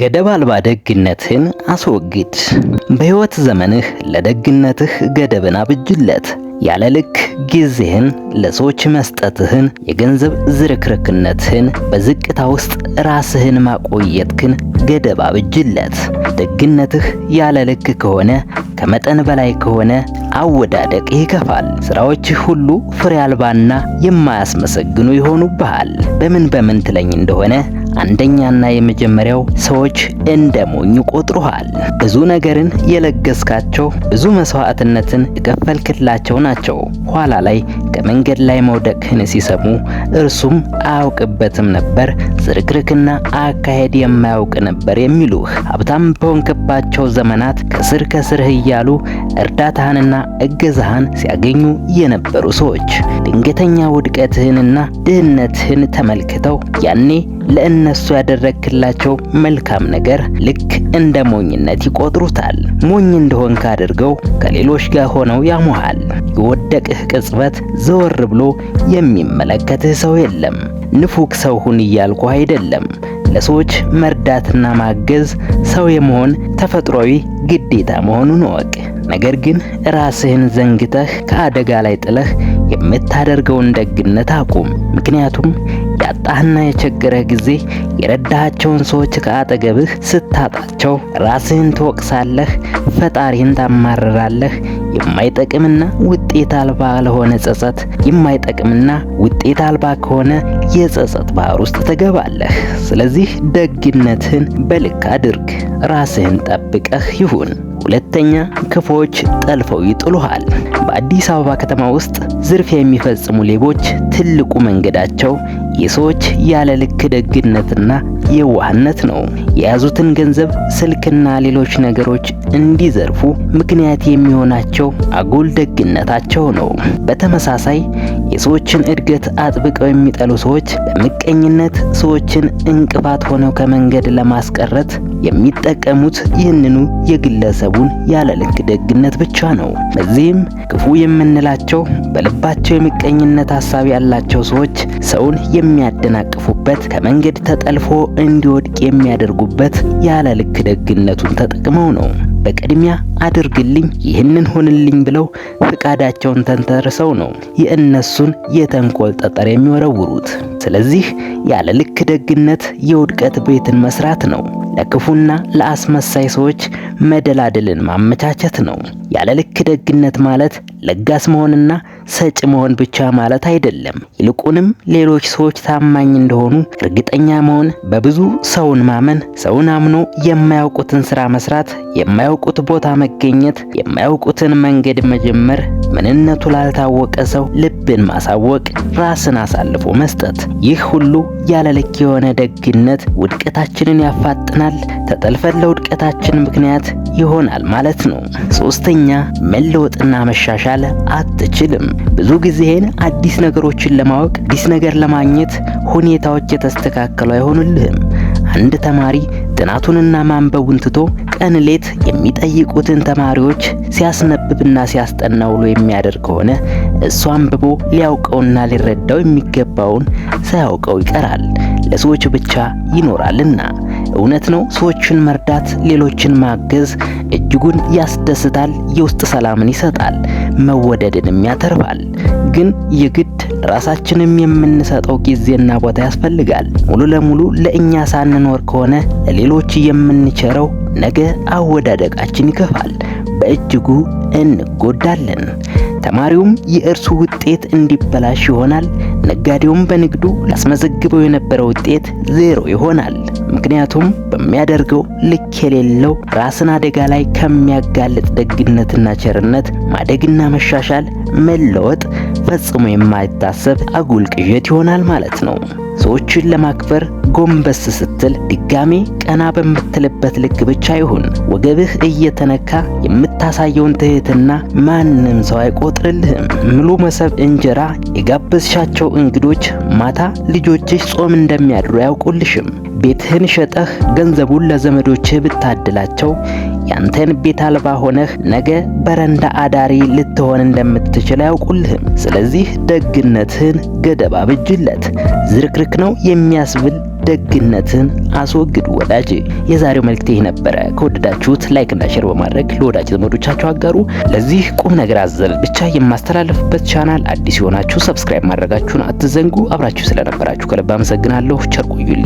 ገደብ አልባ ደግነትህን አስወግድ። በሕይወት ዘመንህ ለደግነትህ ገደብን አብጅለት። ያለ ልክ ጊዜህን ለሰዎች መስጠትህን፣ የገንዘብ ዝርክርክነትህን፣ በዝቅታ ውስጥ ራስህን ማቆየትህን ገደብ አብጅለት። ደግነትህ ያለ ልክ ከሆነ ከመጠን በላይ ከሆነ አወዳደቅ ይከፋል። ስራዎችህ ሁሉ ፍሬ አልባና የማያስመሰግኑ ይሆኑብሃል። በምን በምን ትለኝ እንደሆነ አንደኛና የመጀመሪያው ሰዎች እንደ ሞኝ ብዙ ነገርን የለገስካቸው፣ ብዙ መስዋዕትነትን የከፈልክላቸው ናቸው። ኋላ ላይ ከመንገድ ላይ መውደቅህን ሲሰሙ እርሱም አያውቅበትም ነበር፣ ዝርክርክና አካሄድ የማያውቅ ነበር የሚሉህ ሀብታም በሆንክባቸው ዘመናት ከስር ከስርህ እያሉ እርዳታህንና እገዛህን ሲያገኙ የነበሩ ሰዎች ድንገተኛ ውድቀትህንና ድህነትህን ተመልክተው ያኔ ለእነሱ ያደረግክላቸው መልካም ነገር ልክ እንደ ሞኝነት ይቆጥሩታል። ሞኝ እንደሆንክ አድርገው ከሌሎች ጋር ሆነው ያሞሃል። የወደቅህ ቅጽበት ዘወር ብሎ የሚመለከትህ ሰው የለም። ንፉክ ሰው ሁን እያልኩ አይደለም። ለሰዎች መርዳትና ማገዝ ሰው የመሆን ተፈጥሯዊ ግዴታ መሆኑን እወቅ። ነገር ግን ራስህን ዘንግተህ ከአደጋ ላይ ጥለህ የምታደርገውን ደግነት አቁም። ምክንያቱም ያጣህና የቸገረህ ጊዜ የረዳሃቸውን ሰዎች ከአጠገብህ ስታጣቸው ራስህን ትወቅሳለህ፣ ፈጣሪህን ታማርራለህ። የማይጠቅምና ውጤት አልባ ለሆነ ጸጸት የማይጠቅምና ውጤት አልባ ከሆነ የጸጸት ባህር ውስጥ ትገባለህ። ስለዚህ ደግነትህን በልክ አድርግ፣ ራስህን ጠብቀህ ይሁን። ሁለተኛ ክፎች ጠልፈው ይጥሉሃል። በአዲስ አበባ ከተማ ውስጥ ዝርፊያ የሚፈጽሙ ሌቦች ትልቁ መንገዳቸው የሰዎች ያለ ልክ ደግነትና የዋህነት ነው። የያዙትን ገንዘብ፣ ስልክና ሌሎች ነገሮች እንዲዘርፉ ምክንያት የሚሆናቸው አጉል ደግነታቸው ነው። በተመሳሳይ የሰዎችን እድገት አጥብቀው የሚጠሉ ሰዎች በምቀኝነት ሰዎችን እንቅፋት ሆነው ከመንገድ ለማስቀረት የሚጠቀሙት ይህንኑ የግለሰቡን ያለልክ ደግነት ብቻ ነው። በዚህም ክፉ የምንላቸው በልባቸው የምቀኝነት ሀሳብ ያላቸው ሰዎች ሰውን የሚያደናቅፉበት ከመንገድ ተጠልፎ እንዲወድቅ የሚያደርጉበት ያለልክ ደግነቱን ተጠቅመው ነው። በቅድሚያ አድርግልኝ፣ ይህንን ሆንልኝ ብለው ፍቃዳቸውን ተንተርሰው ነው የእነሱን የተንኮል ጠጠር የሚወረውሩት። ስለዚህ ያለ ልክ ደግነት የውድቀት ቤትን መስራት ነው። ለክፉና ለአስመሳይ ሰዎች መደላደልን ማመቻቸት ነው። ያለ ልክ ደግነት ማለት ለጋስ መሆንና ሰጪ መሆን ብቻ ማለት አይደለም። ይልቁንም ሌሎች ሰዎች ታማኝ እንደሆኑ እርግጠኛ መሆን፣ በብዙ ሰውን ማመን፣ ሰውን አምኖ የማያውቁትን ስራ መስራት፣ የማያውቁት ቦታ መገኘት፣ የማያውቁትን መንገድ መጀመር፣ ምንነቱ ላልታወቀ ሰው ልብን ማሳወቅ፣ ራስን አሳልፎ መስጠት። ይህ ሁሉ ያለልክ የሆነ ደግነት ውድቀታችንን ያፋጥናል፣ ተጠልፈን ለውድቀታችን ምክንያት ይሆናል ማለት ነው። ሶስተኛ መለወጥና መሻሻል አትችልም። ብዙ ጊዜህን አዲስ ነገሮችን ለማወቅ አዲስ ነገር ለማግኘት ሁኔታዎች የተስተካከሉ አይሆኑልህም። አንድ ተማሪ ጥናቱንና ማንበቡን ትቶ ቀን ሌት የሚጠይቁትን ተማሪዎች ሲያስነብብና ሲያስጠና ውሎ የሚያደርግ ከሆነ እሱ አንብቦ ሊያውቀውና ሊረዳው የሚገባውን ሳያውቀው ይቀራል፣ ለሰዎች ብቻ ይኖራልና። እውነት ነው፣ ሰዎችን መርዳት፣ ሌሎችን ማገዝ እጅጉን ያስደስታል፣ የውስጥ ሰላምን ይሰጣል። መወደድንም ያተርፋል። ግን የግድ ራሳችንም የምንሰጠው ጊዜና ቦታ ያስፈልጋል። ሙሉ ለሙሉ ለእኛ ሳንኖር ከሆነ ለሌሎች የምንቸረው ነገ አወዳደቃችን ይከፋል፣ በእጅጉ እንጎዳለን። ተማሪውም የእርሱ ውጤት እንዲበላሽ ይሆናል። ነጋዴውም በንግዱ ላስመዘግበው የነበረ ውጤት ዜሮ ይሆናል። ምክንያቱም በሚያደርገው ልክ የሌለው ራስን አደጋ ላይ ከሚያጋልጥ ደግነትና ቸርነት ማደግና መሻሻል መለወጥ ፈጽሞ የማይታሰብ አጉል ቅዠት ይሆናል ማለት ነው። ሰዎችን ለማክበር ጎንበስ ስትል ድጋሜ ቀና በምትልበት ልክ ብቻ ይሁን። ወገብህ እየተነካ የምታሳየውን ትህትና ማንም ሰው አይቆጥርልህም። ምሉ መሰብ እንጀራ የጋበዝሻቸው እንግዶች ማታ ልጆችሽ ጾም እንደሚያድሩ አያውቁልሽም። ቤትህን ሸጠህ ገንዘቡን ለዘመዶችህ ብታድላቸው ያንተን ቤት አልባ ሆነህ ነገ በረንዳ አዳሪ ልትሆን እንደምትችል አያውቁልህም። ስለዚህ ደግነትህን ገደብ አብጅለት። ዝርክርክ ነው የሚያስብል ደግነትን አስወግድ ወዳጅ። የዛሬው መልእክት ይህ ነበረ። ከወደዳችሁት ላይክ እና ሼር በማድረግ ለወዳጅ ዘመዶቻችሁ አጋሩ። ለዚህ ቁም ነገር አዘል ብቻ የማስተላለፍበት ቻናል አዲስ የሆናችሁ ሰብስክራይብ ማድረጋችሁን አትዘንጉ። አብራችሁ ስለነበራችሁ ከልብ አመሰግናለሁ። ቸር ቆዩልኝ።